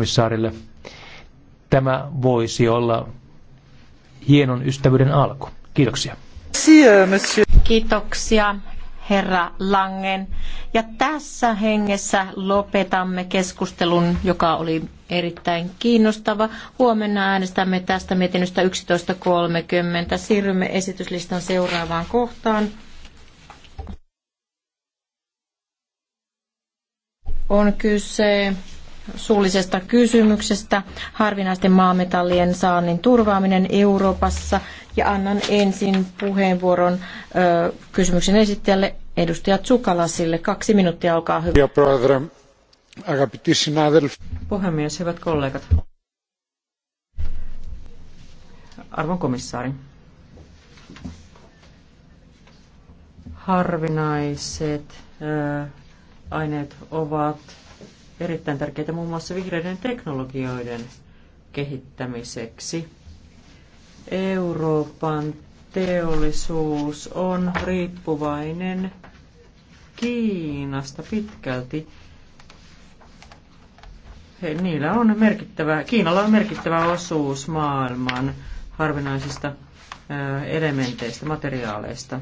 komissaarille. Tämä voisi olla hienon ystävyyden alku. Kiitoksia. Kiitoksia, herra Langen. Ja tässä hengessä lopetamme keskustelun, joka oli erittäin kiinnostava. Huomenna äänestämme tästä mietinnöstä 11.30. Siirrymme esityslistan seuraavaan kohtaan. On kyse suullisesta kysymyksestä harvinaisten maametallien saannin turvaaminen Euroopassa ja annan ensin puheenvuoron ö, kysymyksen esittäjälle edustaja Tsukalasille. Kaksi minuuttia, olkaa hyvä. Puhemies, hyvät kollegat. Arvon komissaari. Harvinaiset ö, aineet ovat erittäin tärkeitä muun muassa vihreiden teknologioiden kehittämiseksi. Euroopan teollisuus on riippuvainen Kiinasta pitkälti. He, niillä on merkittävä, Kiinalla on merkittävä osuus maailman harvinaisista elementeistä, materiaaleista.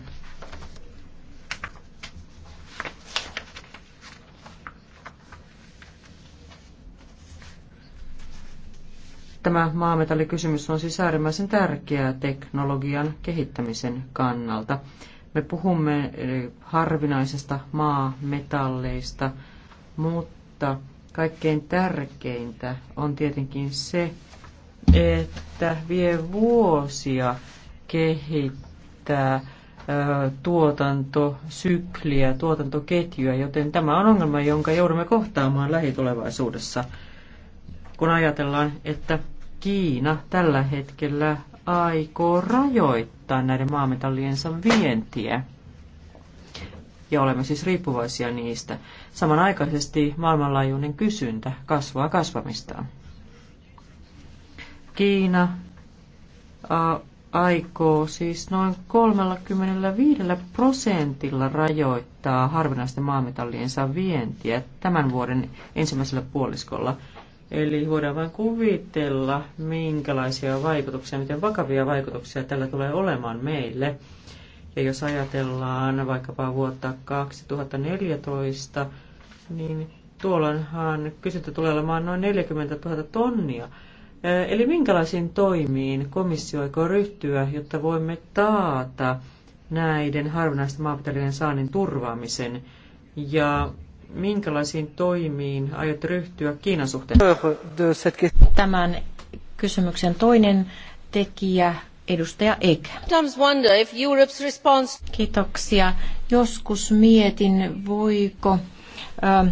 Tämä maametallikysymys on siis äärimmäisen tärkeää teknologian kehittämisen kannalta. Me puhumme eh, harvinaisesta maametalleista, mutta kaikkein tärkeintä on tietenkin se, että vie vuosia kehittää eh, tuotantosykliä, tuotantoketjuja, joten tämä on ongelma, jonka joudumme kohtaamaan lähitulevaisuudessa – kun ajatellaan, että Kiina tällä hetkellä aikoo rajoittaa näiden maametalliensa vientiä. Ja olemme siis riippuvaisia niistä. Samanaikaisesti maailmanlaajuinen kysyntä kasvaa kasvamistaan. Kiina aikoo siis noin 35 prosentilla rajoittaa harvinaisten maametalliensa vientiä tämän vuoden ensimmäisellä puoliskolla – Eli voidaan vain kuvitella, minkälaisia vaikutuksia, miten vakavia vaikutuksia tällä tulee olemaan meille. Ja jos ajatellaan vaikkapa vuotta 2014, niin tuolloinhan kysyntä tulee olemaan noin 40 000 tonnia. Eli minkälaisiin toimiin komissio aikoo ryhtyä, jotta voimme taata näiden harvinaisten maapitalien saannin turvaamisen ja minkälaisiin toimiin aiot ryhtyä Kiinan suhteen? Tämän kysymyksen toinen tekijä edustaja Ek. Kiitoksia. Joskus mietin, voiko ähm,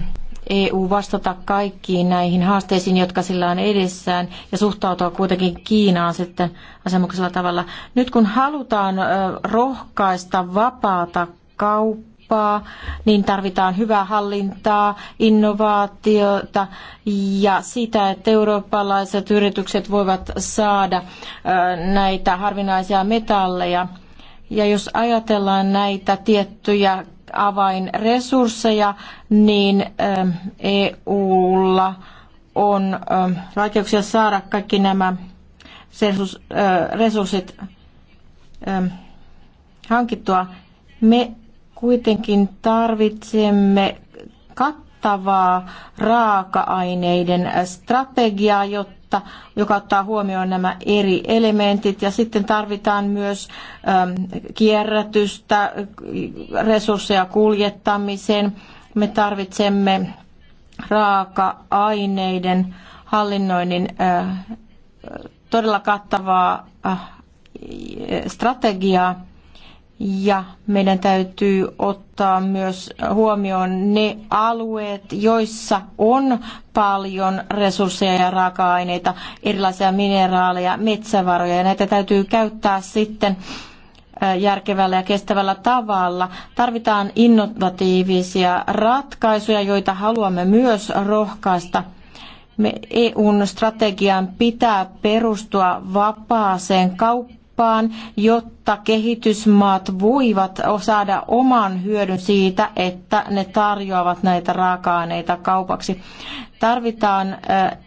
EU vastata kaikkiin näihin haasteisiin, jotka sillä on edessään ja suhtautua kuitenkin Kiinaan sitten asemuksella tavalla. Nyt kun halutaan äh, rohkaista vapaata kauppaa, kauppaa, niin tarvitaan hyvää hallintaa, innovaatiota ja sitä, että eurooppalaiset yritykset voivat saada näitä harvinaisia metalleja. Ja jos ajatellaan näitä tiettyjä avainresursseja, niin EUlla on vaikeuksia saada kaikki nämä resurssit hankittua. Me Kuitenkin tarvitsemme kattavaa raaka-aineiden strategiaa, jotta, joka ottaa huomioon nämä eri elementit. Ja sitten tarvitaan myös äm, kierrätystä, resursseja kuljettamiseen. Me tarvitsemme raaka-aineiden hallinnoinnin äh, todella kattavaa äh, strategiaa ja meidän täytyy ottaa myös huomioon ne alueet, joissa on paljon resursseja ja raaka-aineita, erilaisia mineraaleja, metsävaroja. Ja näitä täytyy käyttää sitten järkevällä ja kestävällä tavalla. Tarvitaan innovatiivisia ratkaisuja, joita haluamme myös rohkaista. Me EUn strategian pitää perustua vapaaseen kauppaan kauppaan, jotta kehitysmaat voivat saada oman hyödyn siitä, että ne tarjoavat näitä raaka-aineita kaupaksi. Tarvitaan äh,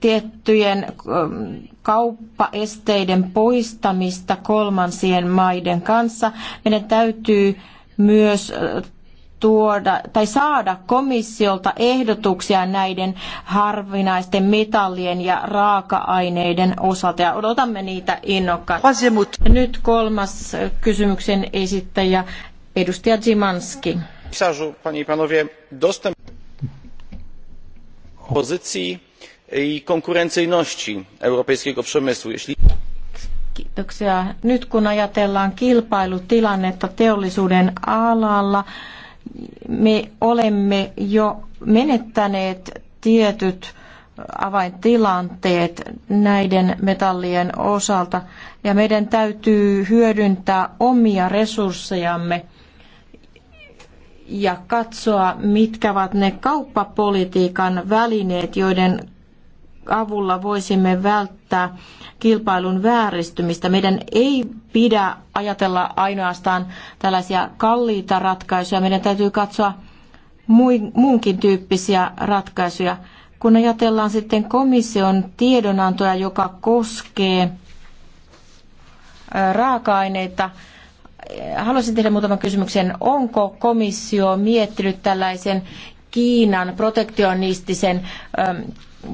tiettyjen ähm, kauppaesteiden poistamista kolmansien maiden kanssa. Meidän täytyy myös äh, tuoda tai saada komissiolta ehdotuksia näiden harvinaisten metallien ja raaka-aineiden osalta ja odotamme niitä innokkaasti. Nyt kolmas kysymyksen esittäjä, edustaja Zimanski. Pani i panowie, dostęp pozycji i konkurencyjności europejskiego przemysłu. Jeśli... Kiitoksia. Nyt kun ajatellaan kilpailutilannetta teollisuuden alalla, me olemme jo menettäneet tietyt avaintilanteet näiden metallien osalta ja meidän täytyy hyödyntää omia resurssejamme ja katsoa, mitkä ovat ne kauppapolitiikan välineet, joiden avulla voisimme välttää kilpailun vääristymistä. Meidän ei pidä ajatella ainoastaan tällaisia kalliita ratkaisuja. Meidän täytyy katsoa muunkin tyyppisiä ratkaisuja. Kun ajatellaan sitten komission tiedonantoja, joka koskee raaka-aineita, haluaisin tehdä muutaman kysymyksen. Onko komissio miettinyt tällaisen Kiinan protektionistisen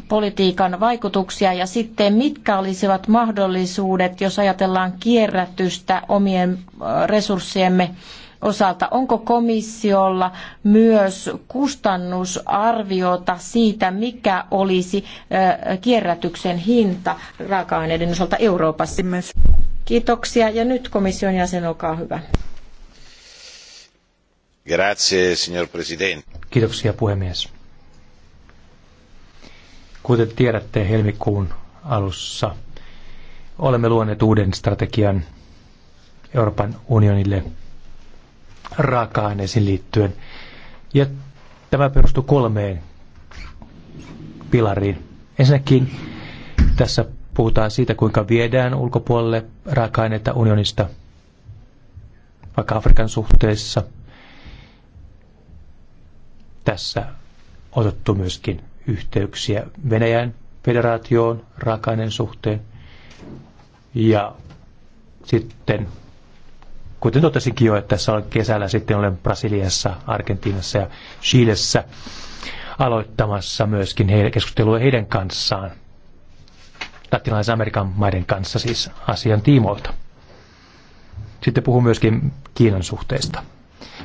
politiikan vaikutuksia ja sitten mitkä olisivat mahdollisuudet, jos ajatellaan kierrätystä omien resurssiemme osalta. Onko komissiolla myös kustannusarviota siitä, mikä olisi kierrätyksen hinta raaka-aineiden osalta Euroopassa? Kiitoksia ja nyt komission jäsen, olkaa hyvä. Grazie, signor Presidente. Kiitoksia puhemies. Kuten tiedätte, helmikuun alussa olemme luoneet uuden strategian Euroopan unionille raaka-aineisiin liittyen. Ja tämä perustuu kolmeen pilariin. Ensinnäkin tässä puhutaan siitä, kuinka viedään ulkopuolelle raaka-aineita unionista, vaikka Afrikan suhteessa. Tässä otettu myöskin yhteyksiä Venäjän federaatioon raakainen suhteen. Ja sitten, kuten totesinkin jo, että tässä kesällä sitten olen Brasiliassa, Argentiinassa ja Chilessä aloittamassa myöskin heidän keskustelua heidän kanssaan, latinalaisen Amerikan maiden kanssa siis asian tiimoilta. Sitten puhun myöskin Kiinan suhteista.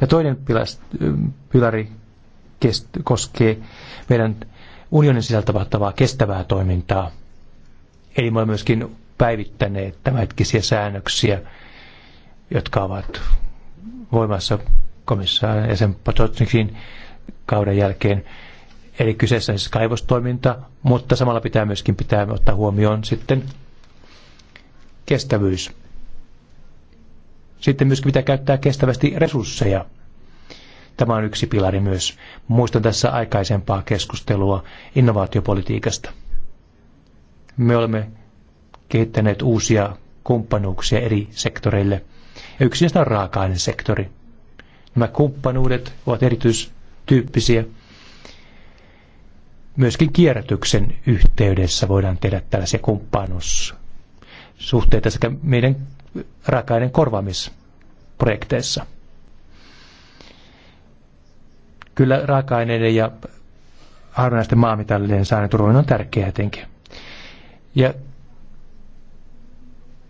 Ja toinen pilari koskee meidän unionin sisällä tapahtuvaa kestävää toimintaa. Eli me olemme myöskin päivittäneet tämänhetkisiä säännöksiä, jotka ovat voimassa komissaarin ja sen Patocnikin kauden jälkeen. Eli kyseessä on siis kaivostoiminta, mutta samalla pitää myöskin pitää ottaa huomioon sitten kestävyys. Sitten myöskin pitää käyttää kestävästi resursseja Tämä on yksi pilari myös. Muistan tässä aikaisempaa keskustelua innovaatiopolitiikasta. Me olemme kehittäneet uusia kumppanuuksia eri sektoreille. Ja yksi niistä on raaka sektori. Nämä kumppanuudet ovat erityistyyppisiä. Myöskin kierrätyksen yhteydessä voidaan tehdä tällaisia kumppanuussuhteita sekä meidän raaka-aineen korvaamisprojekteissa. Kyllä raaka-aineiden ja harvinaisten maamitallien saaneen turvallinen on tärkeää etenkin. Ja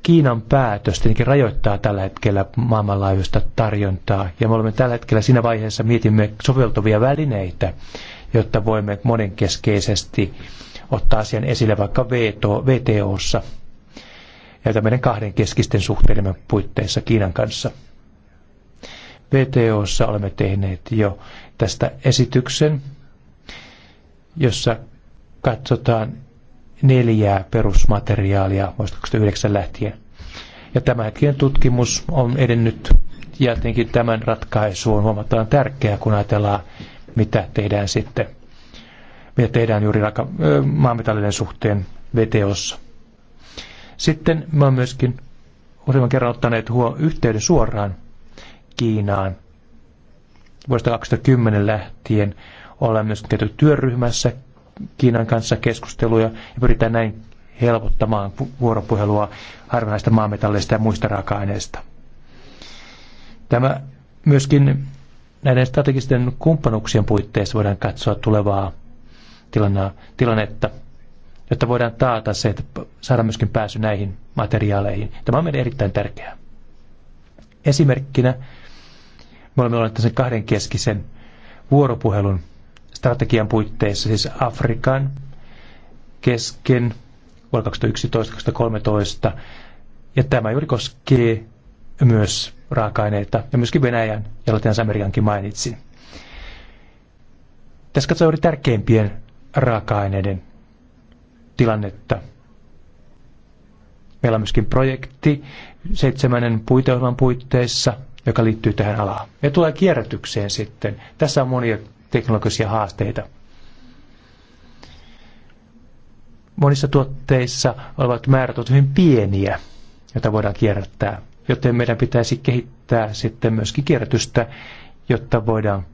Kiinan päätös tietenkin rajoittaa tällä hetkellä maailmanlaajuista tarjontaa, ja me olemme tällä hetkellä siinä vaiheessa mietimme soveltuvia välineitä, jotta voimme monenkeskeisesti ottaa asian esille vaikka VTOssa ja meidän keskisten suhteidemme puitteissa Kiinan kanssa. VTOssa olemme tehneet jo tästä esityksen, jossa katsotaan neljää perusmateriaalia vuodesta 2009 lähtien. Ja tämäkin tutkimus on edennyt ja tietenkin tämän ratkaisu on huomattavan tärkeää, kun ajatellaan, mitä tehdään sitten, mitä tehdään juuri raka- maamitallinen suhteen VTOssa. Sitten me on myöskin useamman kerran ottaneet huo- yhteyden suoraan Kiinaan vuodesta 2010 lähtien ollaan myös käyty työryhmässä Kiinan kanssa keskusteluja ja pyritään näin helpottamaan vuoropuhelua harvinaista maametalleista ja muista raaka-aineista. Tämä myöskin näiden strategisten kumppanuuksien puitteissa voidaan katsoa tulevaa tilannetta, jotta voidaan taata se, että saadaan myöskin pääsy näihin materiaaleihin. Tämä on meille erittäin tärkeää. Esimerkkinä me olemme olleet tässä kahdenkeskisen vuoropuhelun strategian puitteissa, siis Afrikan kesken vuonna 2011-2013. Ja tämä juuri koskee myös raaka-aineita ja myöskin Venäjän ja Latinalais-Amerikankin mainitsin. Tässä katsotaan juuri tärkeimpien raaka-aineiden tilannetta. Meillä on myöskin projekti seitsemännen puiteohjelman puitteissa – joka liittyy tähän alaan. Ja tulee kierrätykseen sitten. Tässä on monia teknologisia haasteita. Monissa tuotteissa olevat määrät ovat hyvin pieniä, joita voidaan kierrättää, joten meidän pitäisi kehittää sitten myöskin kierrätystä, jotta voidaan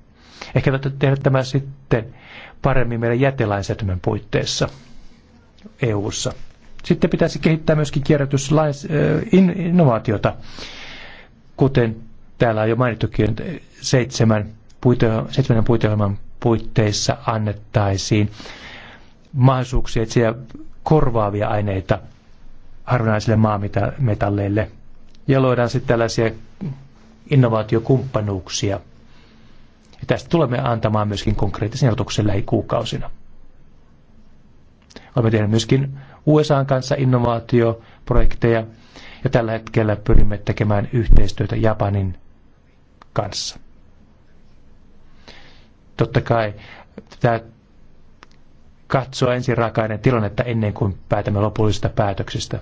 ehkä tehdä tämä sitten paremmin meidän jätelainsäädännön puitteissa EU-ssa. Sitten pitäisi kehittää myöskin kierrätysinnovaatiota, kuten Täällä on jo mainittukin, että seitsemän puite, seitsemän puiteohjelman puitteissa annettaisiin mahdollisuuksia etsiä korvaavia aineita harvinaisille maametalleille. Ja luodaan sitten tällaisia innovaatiokumppanuuksia. Ja tästä tulemme antamaan myöskin konkreettisen ehdotuksen lähikuukausina. Olemme tehneet myöskin USA kanssa innovaatioprojekteja ja tällä hetkellä pyrimme tekemään yhteistyötä Japanin kanssa. Totta kai pitää katsoa ensin rakainen tilannetta ennen kuin päätämme lopullisista päätöksistä.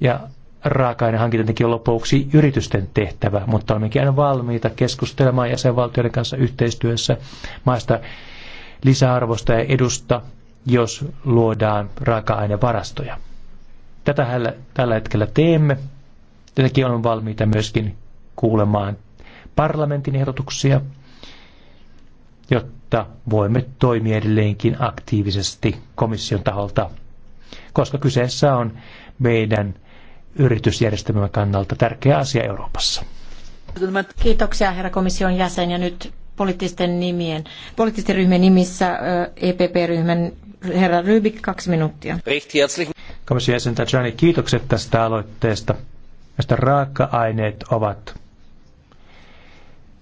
Ja raaka-aineen hankintakin on lopuksi yritysten tehtävä, mutta olemmekin aina valmiita keskustelemaan jäsenvaltioiden kanssa yhteistyössä maasta lisäarvosta ja edusta, jos luodaan raaka-ainevarastoja. Tätä tällä hetkellä teemme Tietenkin on valmiita myöskin kuulemaan parlamentin ehdotuksia, jotta voimme toimia edelleenkin aktiivisesti komission taholta, koska kyseessä on meidän yritysjärjestelmän kannalta tärkeä asia Euroopassa. Kiitoksia herra komission jäsen ja nyt poliittisten, nimien, poliittisten ryhmien nimissä EPP-ryhmän herra Rybik, kaksi minuuttia. Komission jäsen Tajani, kiitokset tästä aloitteesta josta raaka-aineet ovat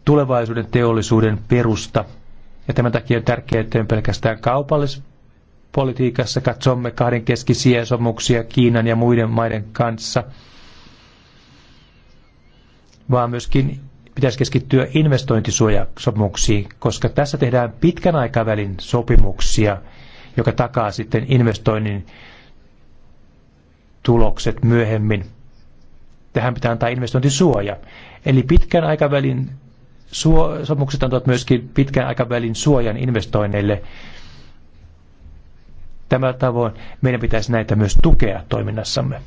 tulevaisuuden teollisuuden perusta. Ja tämän takia on tärkeää, että pelkästään kaupallispolitiikassa katsomme keskisiä sopimuksia Kiinan ja muiden maiden kanssa, vaan myöskin pitäisi keskittyä investointisuojasopimuksiin, koska tässä tehdään pitkän aikavälin sopimuksia, joka takaa sitten investoinnin tulokset myöhemmin. Tähän pitää antaa investointisuoja. Eli pitkän aikavälin suo, sopimukset antavat myöskin pitkän aikavälin suojan investoinneille. Tämä tavoin meidän pitäisi näitä myös tukea toiminnassamme.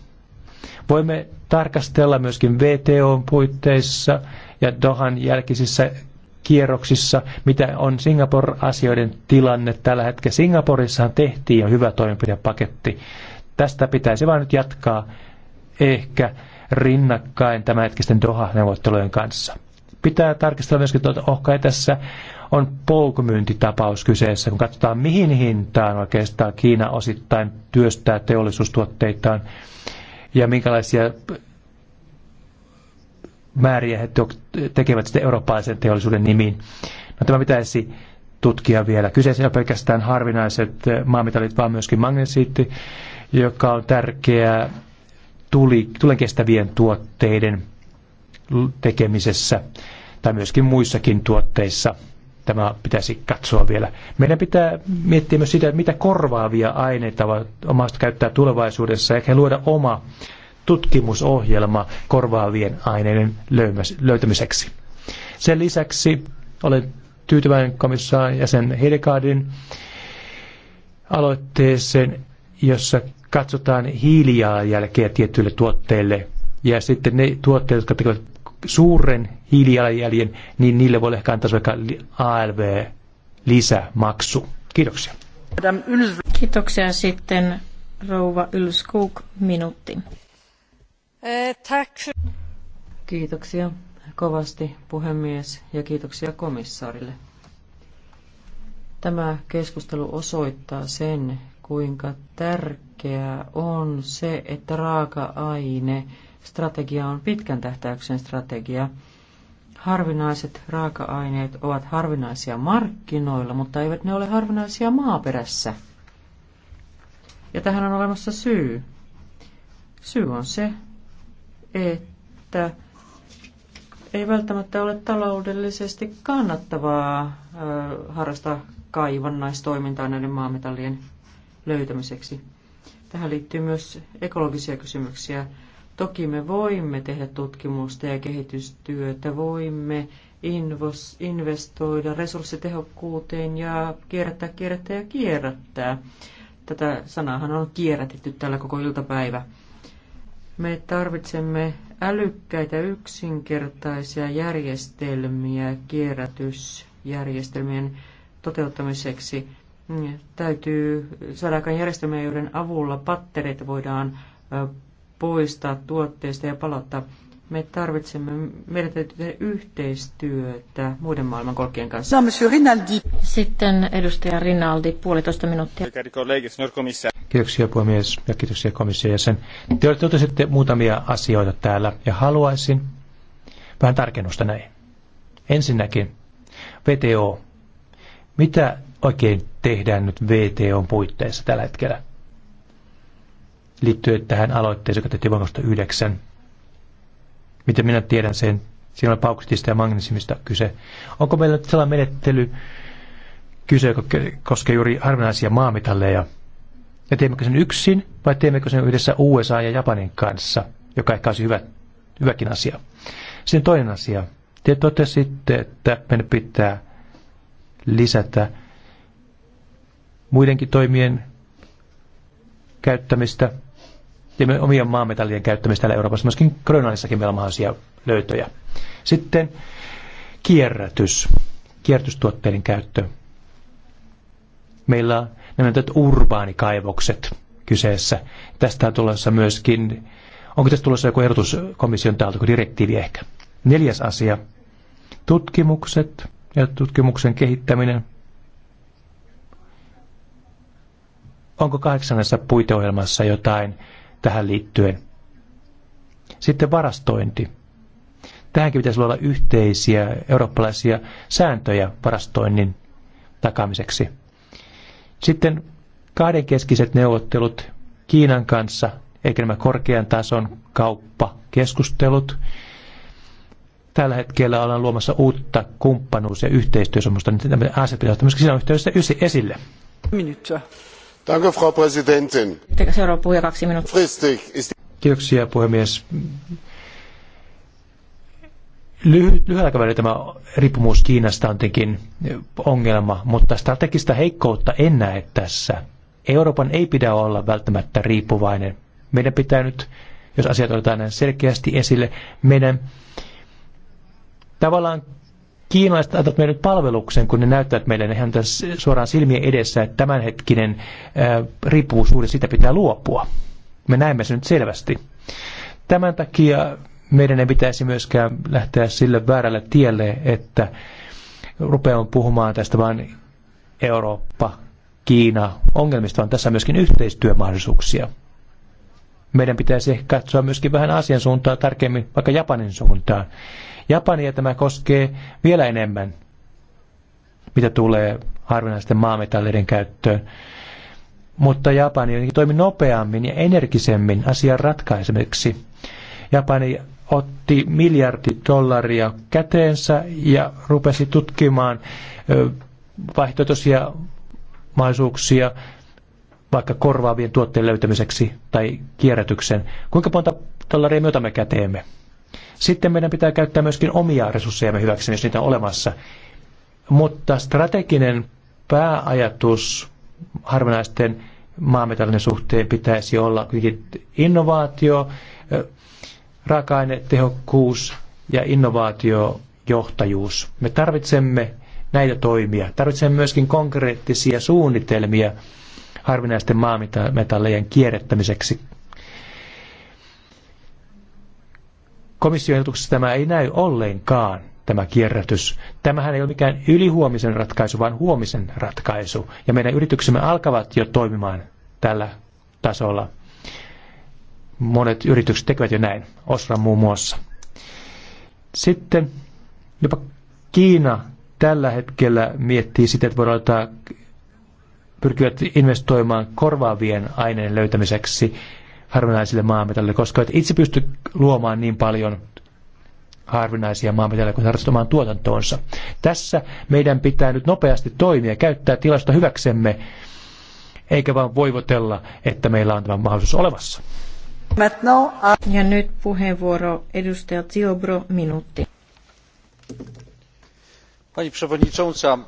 Voimme tarkastella myöskin VTOn puitteissa ja Dohan jälkisissä kierroksissa, mitä on Singapore-asioiden tilanne tällä hetkellä. Singaporissahan tehtiin jo hyvä toimenpidepaketti. Tästä pitäisi vain nyt jatkaa ehkä rinnakkain tämänhetkisten Doha-neuvottelujen kanssa. Pitää tarkistella myöskin, että tuota, ohkai tässä on polkumyyntitapaus kyseessä, kun katsotaan mihin hintaan oikeastaan Kiina osittain työstää teollisuustuotteitaan ja minkälaisia määriä he tekevät sitten eurooppalaisen teollisuuden nimiin. No, tämä pitäisi tutkia vielä. Kyseessä ei ole pelkästään harvinaiset eh, maamitalit, vaan myöskin magnesiitti, joka on tärkeä tuli, tulen kestävien tuotteiden tekemisessä tai myöskin muissakin tuotteissa. Tämä pitäisi katsoa vielä. Meidän pitää miettiä myös sitä, mitä korvaavia aineita omasta käyttää tulevaisuudessa, ja luoda oma tutkimusohjelma korvaavien aineiden löytämiseksi. Sen lisäksi olen tyytyväinen komissaan jäsen Hildegardin aloitteeseen, jossa katsotaan hiilijalanjälkeä tietyille tuotteille. Ja sitten ne tuotteet, jotka tekevät suuren hiilijalanjäljen, niin niille voi ehkä antaa vaikka ALV-lisämaksu. Kiitoksia. Kiitoksia sitten rouva Ylskuk, minuutti. Eh, kiitoksia kovasti puhemies ja kiitoksia komissaarille. Tämä keskustelu osoittaa sen, kuinka tärkeää tärkeää on se, että raaka-aine strategia on pitkän tähtäyksen strategia. Harvinaiset raaka-aineet ovat harvinaisia markkinoilla, mutta eivät ne ole harvinaisia maaperässä. Ja tähän on olemassa syy. Syy on se, että ei välttämättä ole taloudellisesti kannattavaa harrastaa kaivannaistoimintaa näiden maametallien löytämiseksi. Tähän liittyy myös ekologisia kysymyksiä. Toki me voimme tehdä tutkimusta ja kehitystyötä, voimme investoida resurssitehokkuuteen ja kierrättää, kierrättää ja kierrättää. Tätä sanaahan on kierrätetty tällä koko iltapäivä. Me tarvitsemme älykkäitä, yksinkertaisia järjestelmiä kierrätysjärjestelmien toteuttamiseksi. Niin, täytyy saada aikaan järjestelmiä, joiden avulla pattereita voidaan poistaa tuotteista ja palauttaa. Me tarvitsemme, meidän täytyy tehdä yhteistyötä muiden maailman kolkien kanssa. Sitten edustaja Rinaldi, puolitoista minuuttia. Kiitoksia puhemies ja kiitoksia komission jäsen. Te olette muutamia asioita täällä ja haluaisin vähän tarkennusta näin. Ensinnäkin, VTO. Mitä oikein tehdään nyt VTOn puitteissa tällä hetkellä. Liittyen tähän aloitteeseen, joka tehtiin vuonna 2009. Miten minä tiedän sen? Siinä on pauksetista ja magnesiumista kyse. Onko meillä sellainen menettely kyse, joka koskee juuri harvinaisia maamitalleja? Ja teemmekö sen yksin vai teemmekö sen yhdessä USA ja Japanin kanssa, joka ehkä olisi hyvä, hyväkin asia? Sitten toinen asia. Te totesitte, että meidän pitää lisätä muidenkin toimien käyttämistä ja me omien maametallien käyttämistä täällä Euroopassa. Myöskin Grönlannissakin meillä on mahdollisia löytöjä. Sitten kierrätys, kierrätystuotteiden käyttö. Meillä on nämä urbaanikaivokset kyseessä. Tästä on tulossa myöskin, onko tästä tulossa joku ehdotus komission täältä, kuin direktiivi ehkä. Neljäs asia, tutkimukset ja tutkimuksen kehittäminen – Onko kahdeksannessa puiteohjelmassa jotain tähän liittyen? Sitten varastointi. Tähänkin pitäisi olla yhteisiä eurooppalaisia sääntöjä varastoinnin takamiseksi. Sitten kahdenkeskiset neuvottelut Kiinan kanssa, eikä nämä korkean tason kauppakeskustelut. Tällä hetkellä ollaan luomassa uutta kumppanuus- ja yhteistyösomusta, niin nämä asiat pitäisi ottaa myöskin siinä yhteydessä esille. Minuutta. Frau Präsidentin. Seuraava puhuja Kiitoksia puhemies. lyhyellä aikavälillä tämä riippumus Kiinasta on tietenkin ongelma, mutta strategista heikkoutta en näe tässä. Euroopan ei pidä olla välttämättä riippuvainen. Meidän pitää nyt, jos asiat otetaan näin selkeästi esille, meidän tavallaan kiinalaiset antavat meille nyt palveluksen, kun ne näyttävät meille ne ihan suoraan silmien edessä, että tämänhetkinen ää, riippuvuussuhde, sitä pitää luopua. Me näemme sen nyt selvästi. Tämän takia meidän ei pitäisi myöskään lähteä sille väärälle tielle, että rupeamme puhumaan tästä vain Eurooppa, Kiina ongelmista, vaan tässä on myöskin yhteistyömahdollisuuksia. Meidän pitäisi katsoa myöskin vähän asian suuntaa tarkemmin, vaikka Japanin suuntaan. Japania tämä koskee vielä enemmän, mitä tulee harvinaisten maametalleiden käyttöön. Mutta Japani toimi nopeammin ja energisemmin asian ratkaisemiseksi. Japani otti miljardi dollaria käteensä ja rupesi tutkimaan vaihtoehtoisia mahdollisuuksia vaikka korvaavien tuotteiden löytämiseksi tai kierrätyksen. Kuinka monta dollaria me otamme käteemme? Sitten meidän pitää käyttää myöskin omia resurssejamme hyväksi, jos niitä on olemassa. Mutta strateginen pääajatus harvinaisten maametallinen suhteen pitäisi olla kuitenkin innovaatio, raaka tehokkuus ja innovaatiojohtajuus. Me tarvitsemme näitä toimia. Tarvitsemme myöskin konkreettisia suunnitelmia harvinaisten maametallejen kierrättämiseksi Komission tämä ei näy ollenkaan, tämä kierrätys. Tämähän ei ole mikään ylihuomisen ratkaisu, vaan huomisen ratkaisu. Ja meidän yrityksemme alkavat jo toimimaan tällä tasolla. Monet yritykset tekevät jo näin, Osra muun muassa. Sitten jopa Kiina tällä hetkellä miettii sitä, että voidaan ottaa, pyrkivät investoimaan korvaavien aineiden löytämiseksi harvinaisille maametalleille, koska et itse pysty luomaan niin paljon harvinaisia maametalleja kuin harrastamaan tuotantoonsa. Tässä meidän pitää nyt nopeasti toimia, käyttää tilasta hyväksemme, eikä vaan voivotella, että meillä on tämä mahdollisuus olemassa. Ja nyt puheenvuoro edustaja Ziobro, minuutti. Pani przewodnicząca,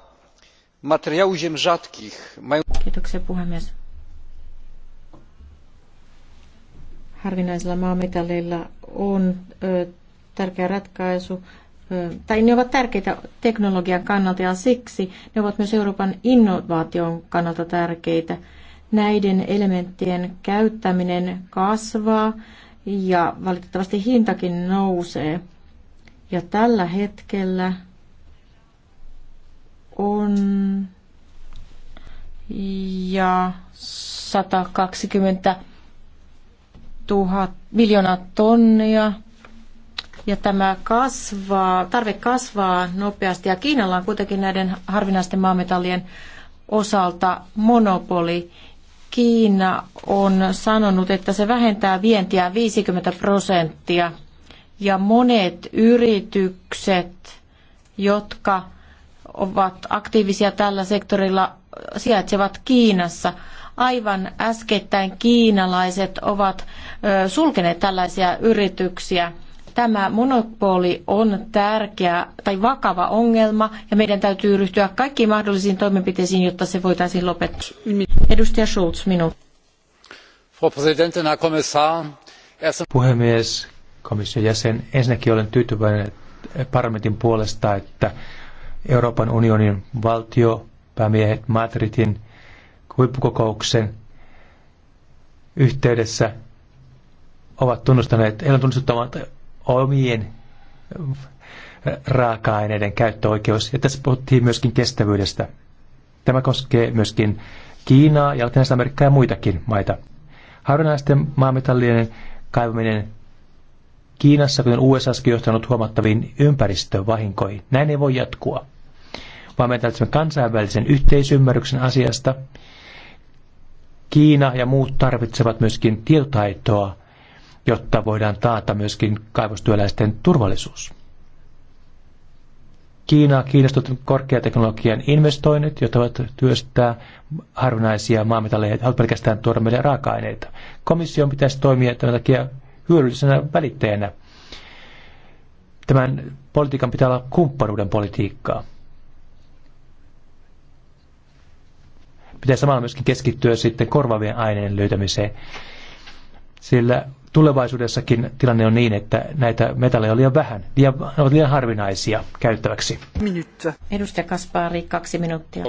materiały ziem rzadkich mają... Kiitoksia puhemies. Harvinaisilla maametalleilla on ö, tärkeä ratkaisu, ö, tai ne ovat tärkeitä teknologian kannalta ja siksi ne ovat myös Euroopan innovaation kannalta tärkeitä. Näiden elementtien käyttäminen kasvaa ja valitettavasti hintakin nousee. Ja tällä hetkellä on ja 120 tuhat, miljoonaa tonnia ja tämä kasvaa, tarve kasvaa nopeasti ja Kiinalla on kuitenkin näiden harvinaisten maametallien osalta monopoli. Kiina on sanonut, että se vähentää vientiä 50 prosenttia ja monet yritykset, jotka ovat aktiivisia tällä sektorilla, sijaitsevat Kiinassa aivan äskettäin kiinalaiset ovat sulkeneet tällaisia yrityksiä. Tämä monopoli on tärkeä tai vakava ongelma ja meidän täytyy ryhtyä kaikkiin mahdollisiin toimenpiteisiin, jotta se voitaisiin lopettaa. Edustaja Schulz, minuutti. Puhemies, komission jäsen, ensinnäkin olen tyytyväinen parlamentin puolesta, että Euroopan unionin valtio, päämiehet Madridin huippukokouksen yhteydessä ovat tunnustaneet, heillä on tunnustuttavat omien äh, raaka-aineiden käyttöoikeus. Ja tässä puhuttiin myöskin kestävyydestä. Tämä koskee myöskin Kiinaa ja Latinalaista Amerikkaa ja muitakin maita. Harvinaisten maametallien kaivaminen Kiinassa, kuten on johtanut huomattaviin ympäristövahinkoihin. Näin ei voi jatkua, vaan me kansainvälisen yhteisymmärryksen asiasta – Kiina ja muut tarvitsevat myöskin tietotaitoa, jotta voidaan taata myöskin kaivostyöläisten turvallisuus. Kiina kiinnostunut korkeateknologian investoinnit, jotka voivat työstää harvinaisia maametalleja, ei pelkästään tuoda meille raaka-aineita. Komission pitäisi toimia tämän takia hyödyllisenä välittäjänä. Tämän politiikan pitää olla kumppanuuden politiikkaa. pitää samalla myöskin keskittyä sitten korvaavien aineiden löytämiseen. Sillä tulevaisuudessakin tilanne on niin, että näitä metalleja on liian vähän, liian, ovat liian harvinaisia käyttäväksi. Minuutta. Edustaja Kaspari, kaksi minuuttia.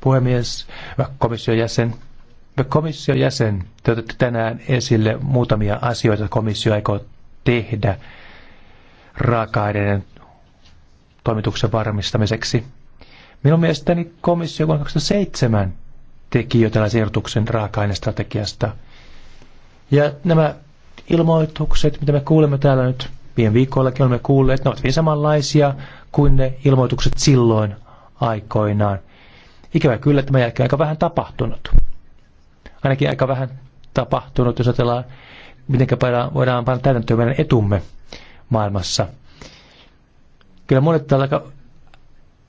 Puhemies, komission jäsen. Komission jäsen, te otatte tänään esille muutamia asioita, että komissio aikoo tehdä raaka-aineiden toimituksen varmistamiseksi. Minun mielestäni komissio vuonna 2007 teki jo tällaisen ehdotuksen raaka-ainestrategiasta. Ja nämä ilmoitukset, mitä me kuulemme täällä nyt viime viikollakin, olemme kuulleet, ne ovat hyvin samanlaisia kuin ne ilmoitukset silloin aikoinaan. Ikävä kyllä tämän jälkeen aika vähän tapahtunut. Ainakin aika vähän tapahtunut, jos ajatellaan, miten voidaan panna täytäntöön meidän etumme maailmassa. Kyllä monet täällä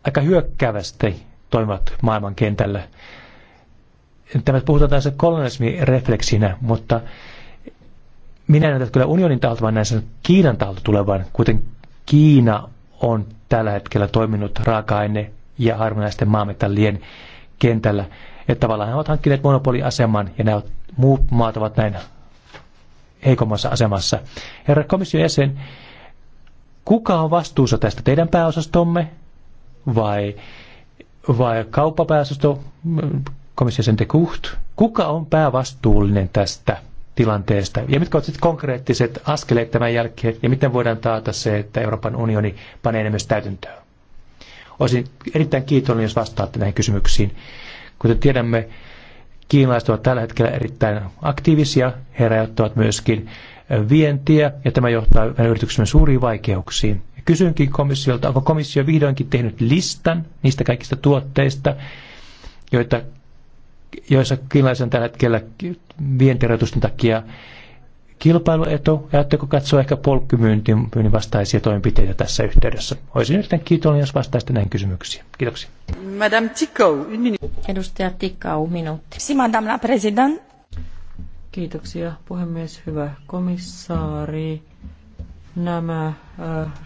aika hyökkäävästi toimivat maailman kentällä. Tämä puhutaan tässä kolonialismirefleksinä, mutta minä näen, että kyllä unionin taholta, vaan näen sen Kiinan taholta tulevan, kuten Kiina on tällä hetkellä toiminut raaka-aine ja harvinaisten maametallien kentällä. Että tavallaan he ovat hankkineet monopoliaseman ja nämä muut maat ovat näin heikommassa asemassa. Herra komission jäsen, kuka on vastuussa tästä teidän pääosastomme vai, vai kauppapääsystö komission sen Kuka on päävastuullinen tästä tilanteesta? Ja mitkä ovat sitten konkreettiset askeleet tämän jälkeen? Ja miten voidaan taata se, että Euroopan unioni panee ne myös täytäntöön? Olisin erittäin kiitollinen, jos vastaatte näihin kysymyksiin. Kuten tiedämme, kiinalaiset ovat tällä hetkellä erittäin aktiivisia. He rajoittavat myöskin vientiä, ja tämä johtaa yrityksemme suuriin vaikeuksiin. Kysynkin komissiolta, onko komissio vihdoinkin tehnyt listan niistä kaikista tuotteista, joita, joissa kiinalaisilla on tällä hetkellä vientirajoitusten takia kilpailuetu, ja ajatteko katsoa ehkä polkkymyynnin vastaisia toimenpiteitä tässä yhteydessä? Olisin erittäin kiitollinen, jos vastaisitte näihin kysymyksiin. Kiitoksia. Madame Tikau, Edustaja Tikau, minuutti. Si, madame la president. Kiitoksia, puhemies, hyvä komissaari. Nämä äh,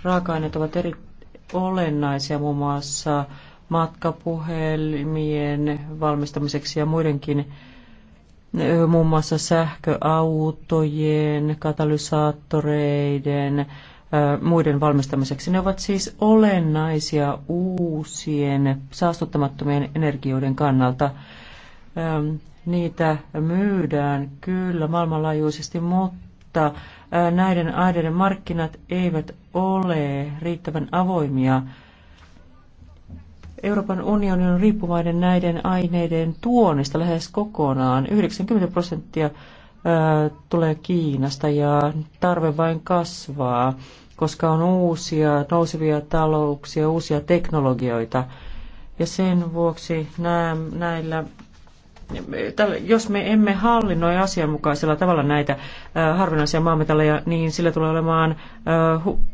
raaka-aineet ovat eri olennaisia muun muassa matkapuhelimien valmistamiseksi ja muidenkin äh, muun muassa sähköautojen, katalysaattoreiden, äh, muiden valmistamiseksi. Ne ovat siis olennaisia uusien saastuttamattomien energioiden kannalta. Ähm, niitä myydään kyllä maailmanlaajuisesti, mutta näiden aineiden markkinat eivät ole riittävän avoimia. Euroopan unionin on riippuvainen näiden aineiden tuonnista lähes kokonaan. 90 prosenttia tulee Kiinasta ja tarve vain kasvaa, koska on uusia nousevia talouksia, uusia teknologioita. Ja sen vuoksi nämä, näillä jos me emme hallinnoi asianmukaisella tavalla näitä harvinaisia maametalleja, niin sillä tulee olemaan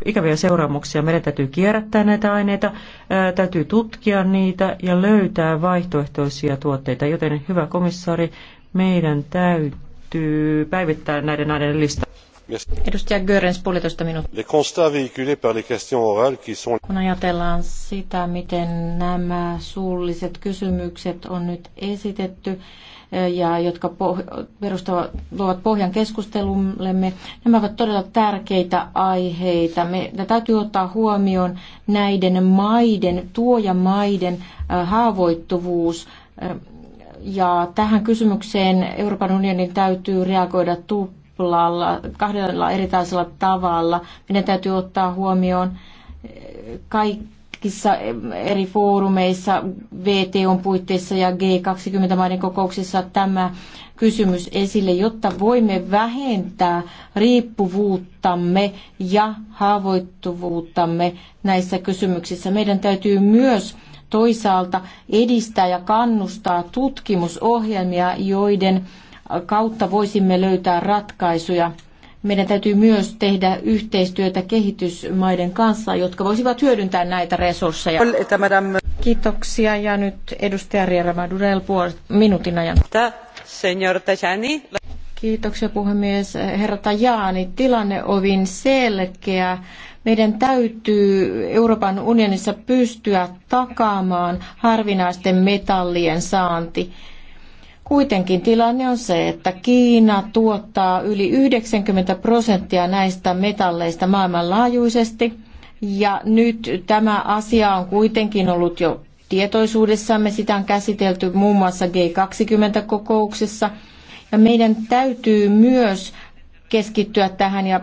ikäviä seuraamuksia. Meidän täytyy kierrättää näitä aineita, täytyy tutkia niitä ja löytää vaihtoehtoisia tuotteita. Joten hyvä komissaari, meidän täytyy päivittää näiden aineiden listaa. Edustaja Görens, puolitoista Kun ajatellaan sitä, miten nämä suulliset kysymykset on nyt esitetty, eh, ja jotka perustavat, luovat pohjan keskustelullemme. Nämä ovat todella tärkeitä aiheita. Me täytyy ottaa huomioon näiden maiden, tuojamaiden eh, haavoittuvuus. Eh, ja tähän kysymykseen Euroopan unionin täytyy reagoida tu- kahdella, kahdella erilaisella tavalla. Meidän täytyy ottaa huomioon eh, kaikissa eri foorumeissa, VTOn puitteissa ja G20-maiden kokouksissa tämä kysymys esille, jotta voimme vähentää riippuvuuttamme ja haavoittuvuuttamme näissä kysymyksissä. Meidän täytyy myös toisaalta edistää ja kannustaa tutkimusohjelmia, joiden kautta voisimme löytää ratkaisuja. Meidän täytyy myös tehdä yhteistyötä kehitysmaiden kanssa, jotka voisivat hyödyntää näitä resursseja. Kiitoksia ja nyt edustaja Riera Madurel minuutin ajan. Kiitoksia puhemies. Herra Tajani, tilanne ovin selkeä. Meidän täytyy Euroopan unionissa pystyä takaamaan harvinaisten metallien saanti. Kuitenkin tilanne on se, että Kiina tuottaa yli 90 prosenttia näistä metalleista maailmanlaajuisesti. Ja nyt tämä asia on kuitenkin ollut jo tietoisuudessamme, sitä on käsitelty muun muassa G20-kokouksessa. Ja meidän täytyy myös keskittyä tähän ja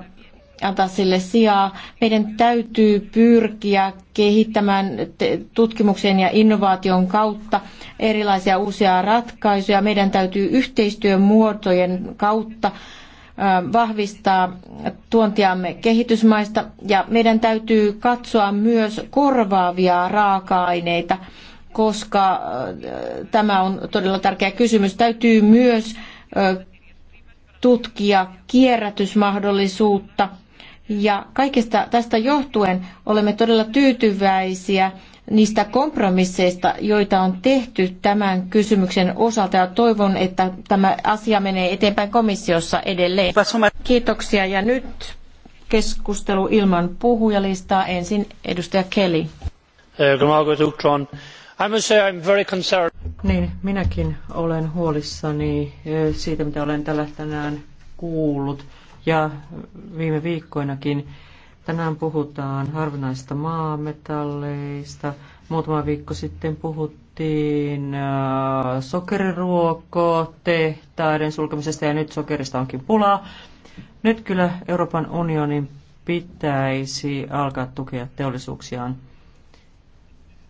antaa sille sijaa. Meidän täytyy pyrkiä kehittämään tutkimuksen ja innovaation kautta erilaisia uusia ratkaisuja. Meidän täytyy yhteistyön muotojen kautta vahvistaa tuontiamme kehitysmaista ja meidän täytyy katsoa myös korvaavia raaka-aineita, koska tämä on todella tärkeä kysymys. Täytyy myös tutkia kierrätysmahdollisuutta – ja kaikesta tästä johtuen olemme todella tyytyväisiä niistä kompromisseista, joita on tehty tämän kysymyksen osalta ja toivon, että tämä asia menee eteenpäin komissiossa edelleen. Kiitoksia ja nyt keskustelu ilman puhujalistaa. Ensin edustaja Kelly. Niin, minäkin olen huolissani eh, siitä, mitä olen tällä tänään kuullut ja viime viikkoinakin. Tänään puhutaan harvinaista maametalleista. Muutama viikko sitten puhuttiin äh, sokeriruokotehtaiden sulkemisesta ja nyt sokerista onkin pulaa. Nyt kyllä Euroopan unionin pitäisi alkaa tukea teollisuuksiaan.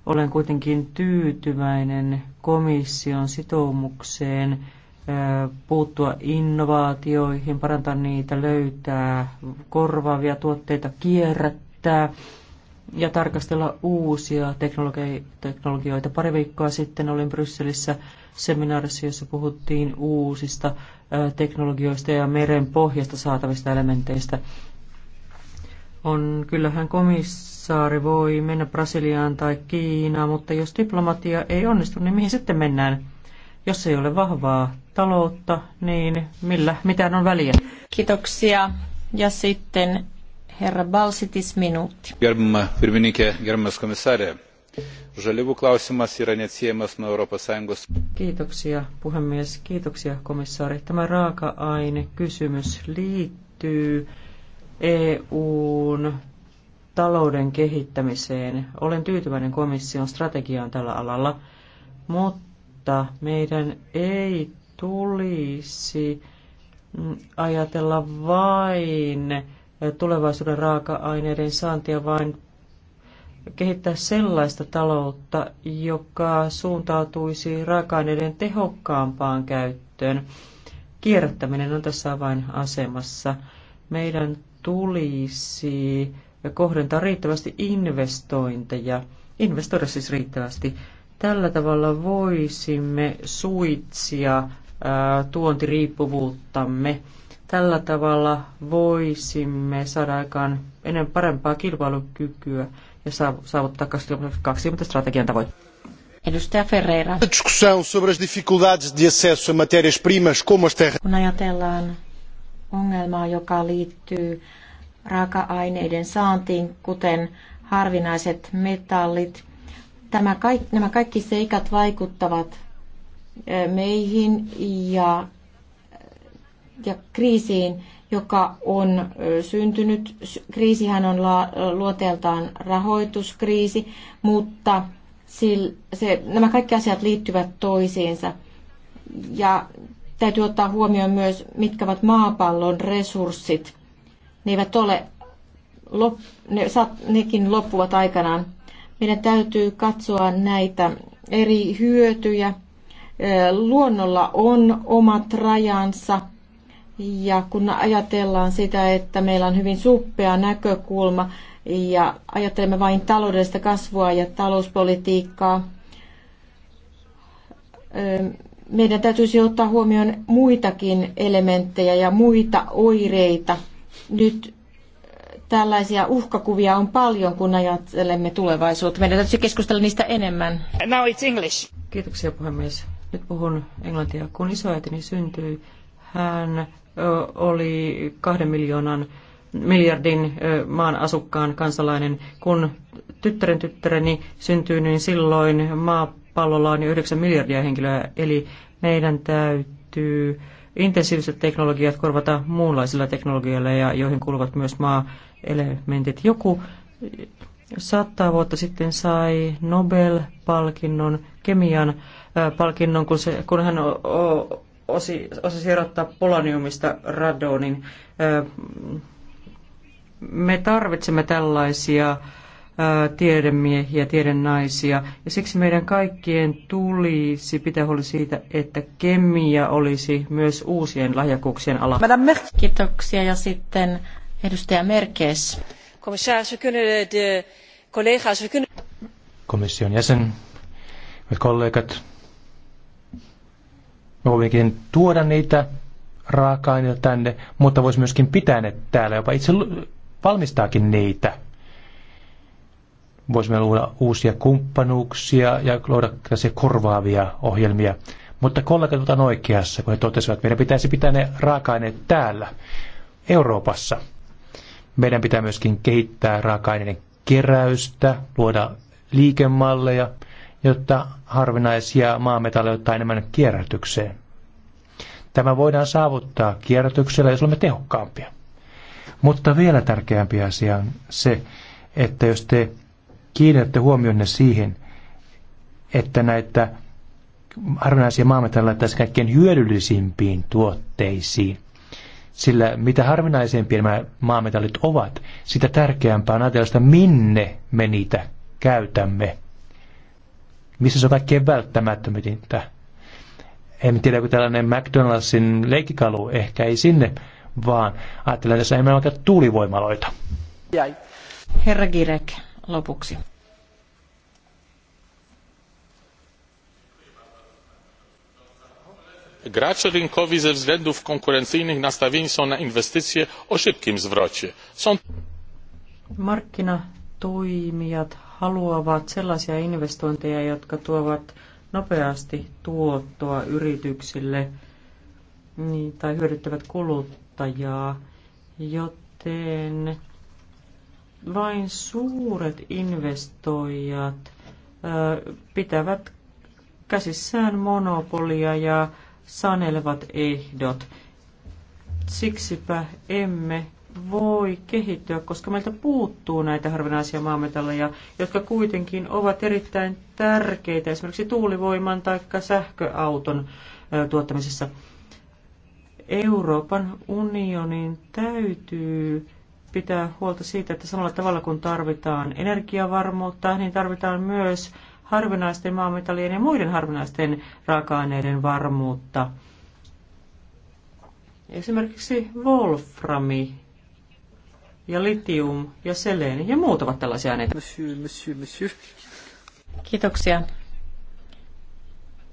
Olen kuitenkin tyytyväinen komission sitoumukseen puuttua innovaatioihin, parantaa niitä, löytää korvaavia tuotteita, kierrättää ja tarkastella uusia teknologioita. Pari viikkoa sitten olin Brysselissä seminaarissa, jossa puhuttiin uusista teknologioista ja meren pohjasta saatavista elementeistä. On kyllähän komissaari voi mennä Brasiliaan tai Kiinaan, mutta jos diplomatia ei onnistu, niin mihin sitten mennään? Jos ei ole vahvaa taloutta, niin millä mitään on väliä? Kiitoksia. Ja sitten herra Balsitis minuutti. Gerbama pirmininkė, gerbamas komisarė. Žaliavų klausimas yra neatsiejamas nuo Sąjungos. Kiitoksia puhemies, kiitoksia komissaari. Tämä raaka kysymys liittyy EUn talouden kehittämiseen. Olen tyytyväinen komission strategiaan tällä alalla, mutta mutta meidän ei tulisi mm, ajatella vain tulevaisuuden raaka-aineiden saantia, vaan kehittää sellaista taloutta, joka suuntautuisi raaka-aineiden tehokkaampaan käyttöön. Kierrättäminen on tässä asemassa Meidän tulisi kohdentaa riittävästi investointeja, investoida siis riittävästi Tällä tavalla voisimme suitsia tuontiriippuvuuttamme. Tällä tavalla voisimme saada aikaan enemmän parempaa kilpailukykyä ja saavuttaa 2020 strategian tavoitteet. Edustaja Ferreira. sobre as dificuldades de acesso a matérias primas como as terras. Kun ajatellaan ongelmaa, joka liittyy raaka-aineiden saantiin, kuten harvinaiset metallit, Tämä kaikki, nämä kaikki seikat vaikuttavat meihin ja, ja kriisiin, joka on syntynyt. Kriisihän on luoteeltaan rahoituskriisi, mutta sil, se, nämä kaikki asiat liittyvät toisiinsa. Ja täytyy ottaa huomioon myös, mitkä ovat maapallon resurssit. Ne eivät ole, lop, ne, nekin loppuvat aikanaan. Meidän täytyy katsoa näitä eri hyötyjä. Luonnolla on omat rajansa ja kun ajatellaan sitä, että meillä on hyvin suppea näkökulma ja ajattelemme vain taloudellista kasvua ja talouspolitiikkaa, meidän täytyisi ottaa huomioon muitakin elementtejä ja muita oireita. Nyt Tällaisia uhkakuvia on paljon, kun ajattelemme tulevaisuutta. Meidän täytyy keskustella niistä enemmän. Now it's English. Kiitoksia puhemies. Nyt puhun englantia. Kun isoäitini syntyi, hän oli kahden miljoonan miljardin maan asukkaan kansalainen. Kun tyttären tyttäreni syntyi, niin silloin maapallolla on jo 9 miljardia henkilöä, eli meidän täytyy intensiiviset teknologiat korvata muunlaisilla teknologioilla, ja joihin kuuluvat myös maa-elementit. Joku saattaa vuotta sitten sai Nobel-palkinnon, kemian palkinnon, kun, se, kun hän osi, osasi erottaa poloniumista radonin. Me tarvitsemme tällaisia tiedemiehiä, tiedennaisia. Ja siksi meidän kaikkien tulisi pitää huoli siitä, että kemia olisi myös uusien lahjakkuuksien ala. Kiitoksia ja sitten edustaja Merkes. Komission jäsen, hyvät kollegat, me voimmekin tuoda niitä raaka-aineita tänne, mutta voisi myöskin pitää ne täällä, jopa itse valmistaakin niitä – voisimme luoda uusia kumppanuuksia ja luoda tällaisia korvaavia ohjelmia. Mutta kollegat ovat oikeassa, kun he totesivat, että meidän pitäisi pitää ne raaka-aineet täällä, Euroopassa. Meidän pitää myöskin kehittää raaka-aineiden keräystä, luoda liikemalleja, jotta harvinaisia maametalleja ottaa enemmän kierrätykseen. Tämä voidaan saavuttaa kierrätyksellä, jos olemme tehokkaampia. Mutta vielä tärkeämpi asia on se, että jos te kiinnitätte huomionne siihen, että näitä harvinaisia maametalleja laittaisiin kaikkein hyödyllisimpiin tuotteisiin. Sillä mitä harvinaisempia nämä maametallit ovat, sitä tärkeämpää on ajatella sitä, minne me niitä käytämme. Missä se on kaikkein välttämättömintä. En tiedä, kun tällainen McDonaldsin leikkikalu ehkä ei sinne, vaan ajattelen tässä meillä ole tuulivoimaloita. Jäi. Herra Girek lopuksi. gracze rynkowi ze względów konkurencyjnych nastawieni są na inwestycje o szybkim zwrocie. Są... Markkinatoimijat haluavat sellaisia investointeja, jotka tuovat nopeasti tuottoa yrityksille niin- tai hyödyttävät kuluttajaa, joten vain suuret investoijat pitävät käsissään monopolia ja sanelevat ehdot. Siksipä emme voi kehittyä, koska meiltä puuttuu näitä harvinaisia maametalleja, jotka kuitenkin ovat erittäin tärkeitä esimerkiksi tuulivoiman tai sähköauton tuottamisessa. Euroopan unionin täytyy pitää huolta siitä, että samalla tavalla kun tarvitaan energiavarmuutta, niin tarvitaan myös harvinaisten maametallien ja muiden harvinaisten raaka-aineiden varmuutta. Esimerkiksi wolframi ja litium ja seleeni ja muut ovat tällaisia aineita. Monsieur, monsieur, monsieur. Kiitoksia.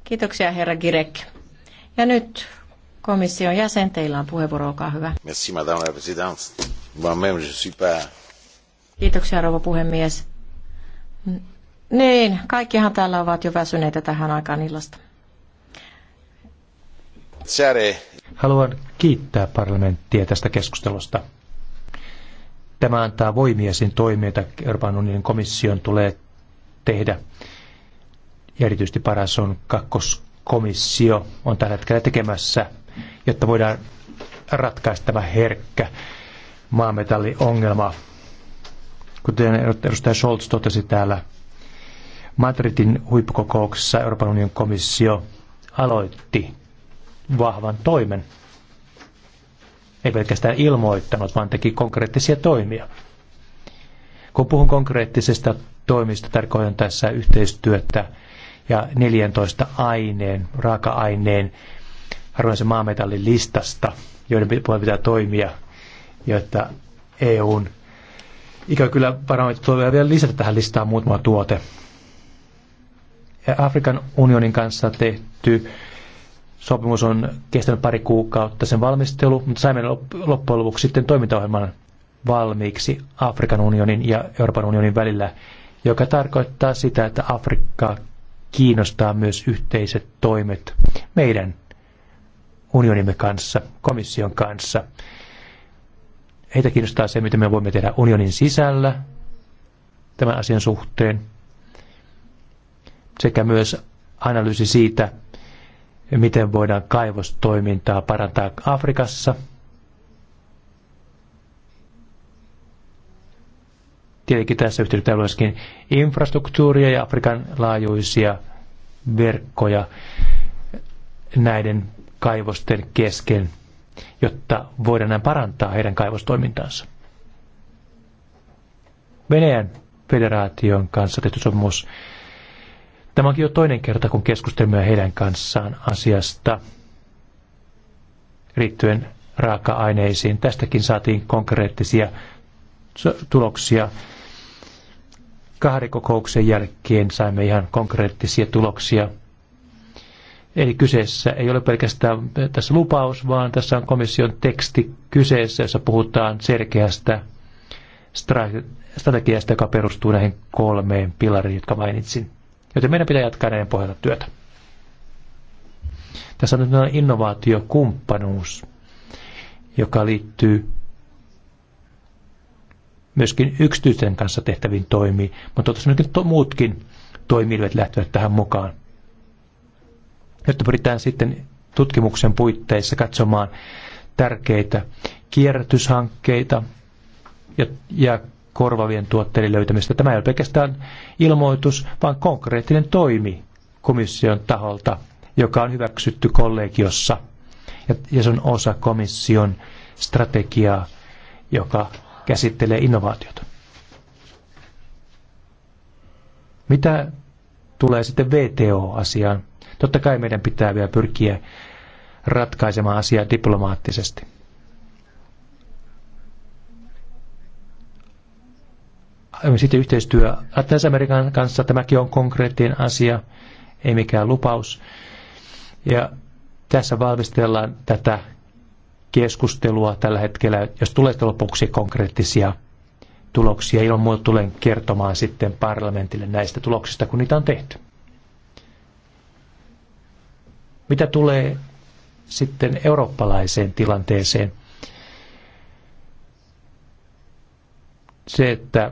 Kiitoksia herra Girek. Ja nyt komission jäsen, teillä on puheenvuoro, olkaa hyvä. Merci madame la présidente moi Kiitoksia, rouva puhemies. Niin, kaikkihan täällä ovat jo väsyneitä tähän aikaan illasta. Haluan kiittää parlamenttia tästä keskustelusta. Tämä antaa voimia sen toimia, että Euroopan unionin komission tulee tehdä. Ja erityisesti paras on kakkoskomissio on tällä hetkellä tekemässä, jotta voidaan ratkaista tämä herkkä maametalliongelma. Kuten edustaja Scholz totesi täällä, Madridin huippukokouksessa Euroopan unionin komissio aloitti vahvan toimen. Ei pelkästään ilmoittanut, vaan teki konkreettisia toimia. Kun puhun konkreettisesta toimista, tarkoitan tässä yhteistyötä ja 14 aineen, raaka-aineen, harvinaisen maametallin listasta, joiden pitää toimia ja että EUn ikävä kyllä varmaan tulee vielä lisätä tähän listaan muutama tuote. Ja Afrikan unionin kanssa tehty sopimus on kestänyt pari kuukautta sen valmistelu, mutta saimme loppujen lopuksi sitten toimintaohjelman valmiiksi Afrikan unionin ja Euroopan unionin välillä, joka tarkoittaa sitä, että Afrikka kiinnostaa myös yhteiset toimet meidän unionimme kanssa, komission kanssa. Heitä kiinnostaa se, mitä me voimme tehdä unionin sisällä tämän asian suhteen, sekä myös analyysi siitä, miten voidaan kaivostoimintaa parantaa Afrikassa. Tietenkin tässä yhteydessä myöskin infrastruktuuria ja Afrikan laajuisia verkkoja näiden kaivosten kesken – jotta voidaan näin parantaa heidän kaivostoimintaansa. Venäjän federaation kanssa tehty sopimus. Tämä onkin jo toinen kerta, kun keskustelimme heidän kanssaan asiasta riittyen raaka-aineisiin. Tästäkin saatiin konkreettisia tuloksia. Kahden kokouksen jälkeen saimme ihan konkreettisia tuloksia Eli kyseessä ei ole pelkästään tässä lupaus, vaan tässä on komission teksti kyseessä, jossa puhutaan selkeästä strategiasta, joka perustuu näihin kolmeen pilariin, jotka mainitsin. Joten meidän pitää jatkaa näiden pohjalta työtä. Tässä on nyt innovaatiokumppanuus, joka liittyy myöskin yksityisten kanssa tehtäviin toimiin, mutta toivottavasti muutkin toimijat lähtevät tähän mukaan. Nyt pyritään sitten tutkimuksen puitteissa katsomaan tärkeitä kierrätyshankkeita ja, ja korvavien tuotteiden löytämistä. Tämä ei ole pelkästään ilmoitus, vaan konkreettinen toimi komission taholta, joka on hyväksytty kollegiossa. Ja, ja se on osa komission strategiaa, joka käsittelee innovaatiota. Mitä tulee sitten VTO-asiaan? Totta kai meidän pitää vielä pyrkiä ratkaisemaan asiaa diplomaattisesti. Sitten yhteistyö Latinsa-Amerikan kanssa, tämäkin on konkreettinen asia, ei mikään lupaus. Ja tässä valmistellaan tätä keskustelua tällä hetkellä. Jos tulee lopuksi konkreettisia tuloksia, ilman muuta tulen kertomaan sitten parlamentille näistä tuloksista, kun niitä on tehty. Mitä tulee sitten eurooppalaiseen tilanteeseen? Se, että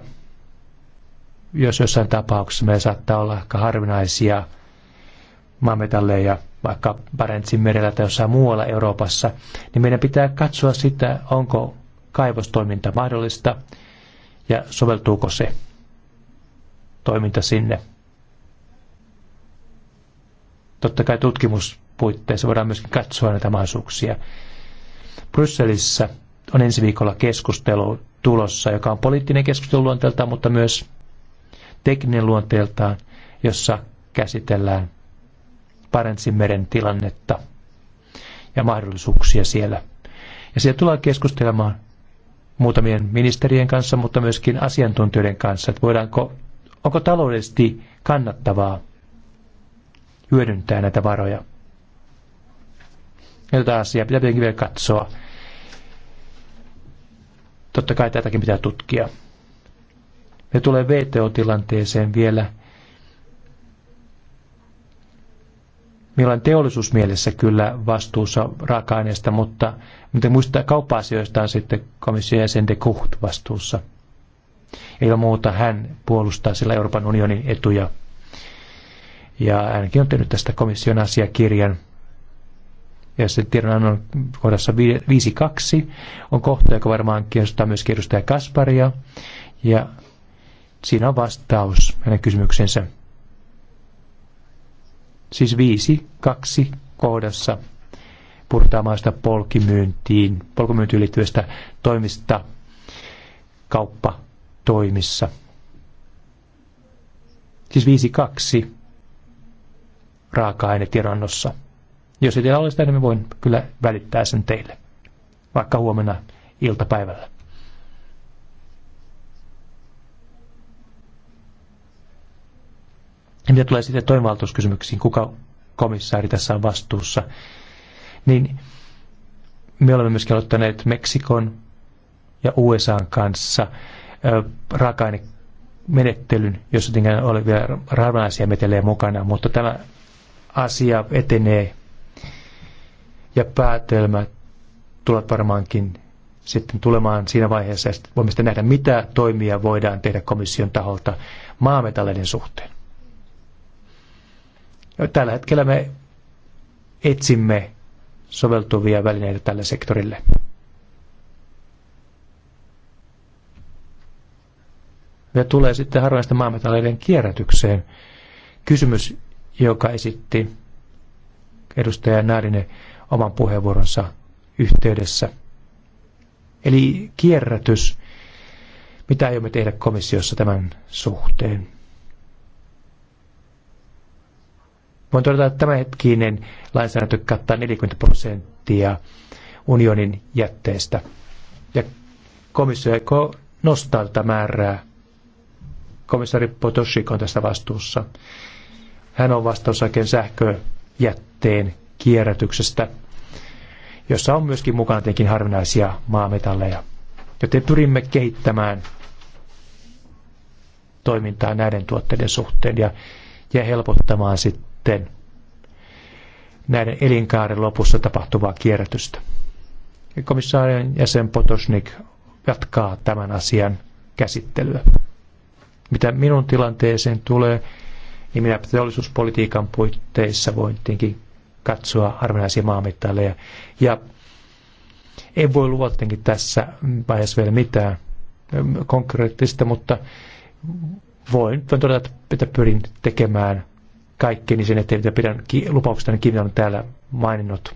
jos jossain tapauksessa meillä saattaa olla aika harvinaisia maametalleja vaikka Barentsin merellä tai jossain muualla Euroopassa, niin meidän pitää katsoa sitä, onko kaivostoiminta mahdollista ja soveltuuko se toiminta sinne. Totta kai tutkimuspuitteissa voidaan myöskin katsoa näitä mahdollisuuksia. Brysselissä on ensi viikolla keskustelu tulossa, joka on poliittinen keskustelu luonteeltaan, mutta myös tekninen luonteeltaan, jossa käsitellään Parentsin meren tilannetta ja mahdollisuuksia siellä. Ja siellä tullaan keskustelemaan muutamien ministerien kanssa, mutta myöskin asiantuntijoiden kanssa, että voidaanko, onko taloudellisesti kannattavaa hyödyntää näitä varoja. Ja tätä asiaa pitää tietenkin vielä katsoa. Totta kai tätäkin pitää tutkia. Me tulee VTO-tilanteeseen vielä. Meillä on teollisuusmielessä kyllä vastuussa raaka-aineesta, mutta, miten muista kauppa-asioista on sitten komission jäsen de Kucht vastuussa. Ilman muuta hän puolustaa sillä Euroopan unionin etuja ja hänkin on tehnyt tästä komission asiakirjan. Ja se tiedonannon kohdassa 5.2 on kohta, joka varmaan kiinnostaa myös edustaja Kasparia. Ja siinä on vastaus hänen kysymyksensä. Siis 5.2 kohdassa purtaamaista polkimyyntiin, polkumyyntiin liittyvästä toimista kauppatoimissa. Siis 5.2 raaka-ainetiedonnossa. Jos ei teillä ole sitä, niin voin kyllä välittää sen teille, vaikka huomenna iltapäivällä. Ja mitä tulee sitten toimivaltuuskysymyksiin, kuka komissaari tässä on vastuussa, niin me olemme myöskin aloittaneet Meksikon ja USAn kanssa raaka-ainemenettelyn, jossa tietenkään oli vielä harvinaisia metelejä mukana, mutta tämä asia etenee. Ja päätelmät tulevat varmaankin sitten tulemaan siinä vaiheessa, että voimme sitten nähdä, mitä toimia voidaan tehdä komission taholta maametalleiden suhteen. Ja no, tällä hetkellä me etsimme soveltuvia välineitä tälle sektorille. Ja tulee sitten harvinaista maametalleiden kierrätykseen. Kysymys, joka esitti edustaja Naarinen oman puheenvuoronsa yhteydessä. Eli kierrätys, mitä aiomme tehdä komissiossa tämän suhteen. Voin todeta, että tämänhetkinen lainsäädäntö kattaa 40 prosenttia unionin jätteestä. Ja komissio ei nostaa tätä määrää. Komissari Potosik on tässä vastuussa. Hän on vastaus oikein sähköjätteen kierrätyksestä, jossa on myöskin mukana tietenkin harvinaisia maametalleja. Joten pyrimme kehittämään toimintaa näiden tuotteiden suhteen ja, ja helpottamaan sitten näiden elinkaaren lopussa tapahtuvaa kierrätystä. Komissaarien jäsen Potosnik jatkaa tämän asian käsittelyä. Mitä minun tilanteeseen tulee, niin minä teollisuuspolitiikan puitteissa voin tietenkin katsoa armenaisia maamittaleja. Ja en voi luvata tässä vaiheessa vielä mitään konkreettista, mutta voin, voin todeta, että pyrin tekemään kaikkeni niin sen eteen, mitä pidän lupauksestani kiinni on täällä maininnut.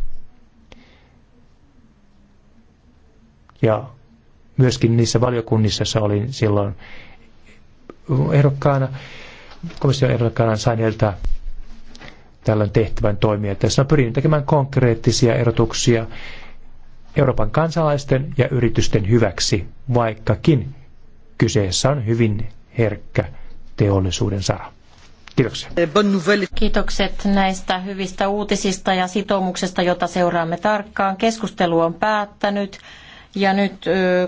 Ja myöskin niissä valiokunnissa, joissa olin silloin ehdokkaana, komission ehdokkaana sain heiltä tällöin tehtävän toimia. Tässä mä pyrin tekemään konkreettisia erotuksia Euroopan kansalaisten ja yritysten hyväksi, vaikkakin kyseessä on hyvin herkkä teollisuuden sara. Kiitoksia. Kiitokset näistä hyvistä uutisista ja sitoumuksesta, jota seuraamme tarkkaan. Keskustelu on päättänyt. Ja nyt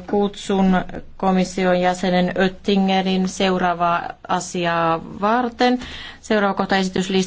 kutsun komission jäsenen Öttingerin seuraavaa asiaa varten. Seuraava kohta esityslista.